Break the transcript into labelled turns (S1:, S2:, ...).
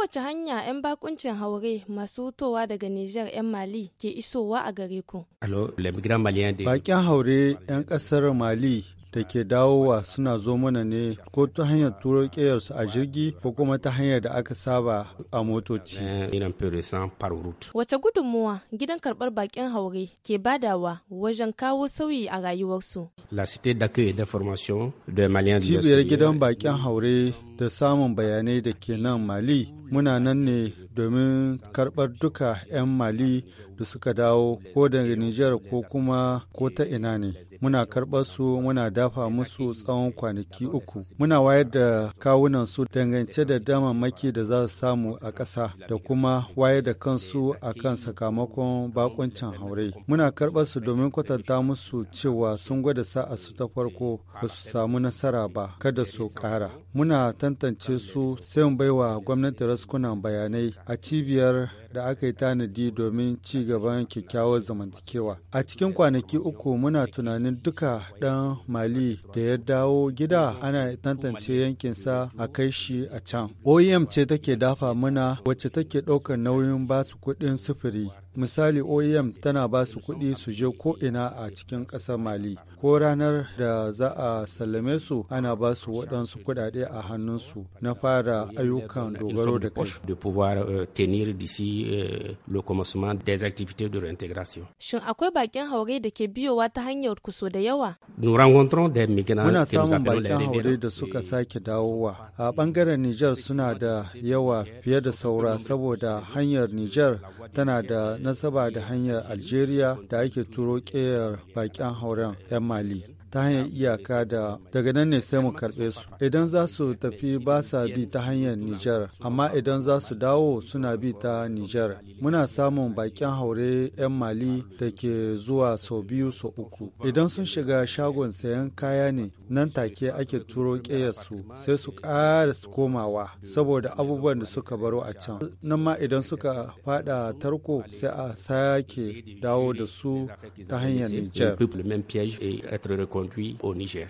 S1: wace hanya 'yan bakuncin haure masu towa daga Nijar 'yan Mali ke isowa a gare ku?
S2: Bakin
S3: haure 'yan kasar Mali da ke dawowa suna zo mana ne ko ta hanyar turo su a jirgi ko kuma ta hanyar da aka saba a motoci.
S1: Wace gudunmuwa gidan karɓar bakin haure ke badawa wajen kawo sauyi a rayuwarsu?
S2: Cibiyar gidan bakin
S3: haure da samun bayanai da ke nan Mali. Muna nan ne domin karɓar duka 'yan Mali da suka dawo ko da Nijar ko kuma ko ta ina ne. Muna karɓar su muna dafa musu tsawon kwanaki uku. Muna wayar da kawunan su dangance da damammaki da za su samu a ƙasa da kuma wayar da kansu a kan sakamakon bakuncin haure. Muna karɓar su domin kwatanta musu cewa sun gwada sa'a su ta farko ba su samu nasara ba kada su ƙara. Muna tantance su sai mu baiwa gwamnati raskunan bayanai a cibiyar da aka yi tanadi domin ci gaban kyakkyawar zamantakewa. A cikin kwanaki uku muna tunanin duka ɗan Mali da ya dawo gida ana tantance yankinsa a kai shi a can. OEM ce take dafa muna wacce take ɗaukar nauyin basu kuɗin sufuri. misali oem tana ba su kuɗi su je ko'ina a cikin ƙasar mali ko ranar da za a sallame su ana ba su waɗansu kuɗaɗe a hannunsu na fara ayyukan dogaro da kai
S2: Euh, le commencement des activités de réintégration.
S1: Shin akwai bakin haure da ke biyowa ta hanyar kuso da yawa?
S2: Nous rencontrons des migrants Muna samun bakin haure da suka sake
S3: dawowa. A bangaren Niger suna da yawa fiye da saura saboda hanyar Niger tana da nasaba da hanyar Algeria da ake turo ƙeyar bakin hauren 'yan Mali. ta hanyar iyaka da daga nan ne sai mu karɓe su idan za su tafi ba sa bi ta hanyar Nijar amma idan za su dawo suna bi ta Nijar muna samun bakin haure 'yan Mali da ke zuwa sau biyu sau uku idan sun shiga shagon sayan kaya ne nan take ake turo su sai su ƙara komawa saboda abubuwan da suka baro a can nan ma idan suka fada tarko sai a sake dawo da su ta hanyar Nijar.
S2: au Niger.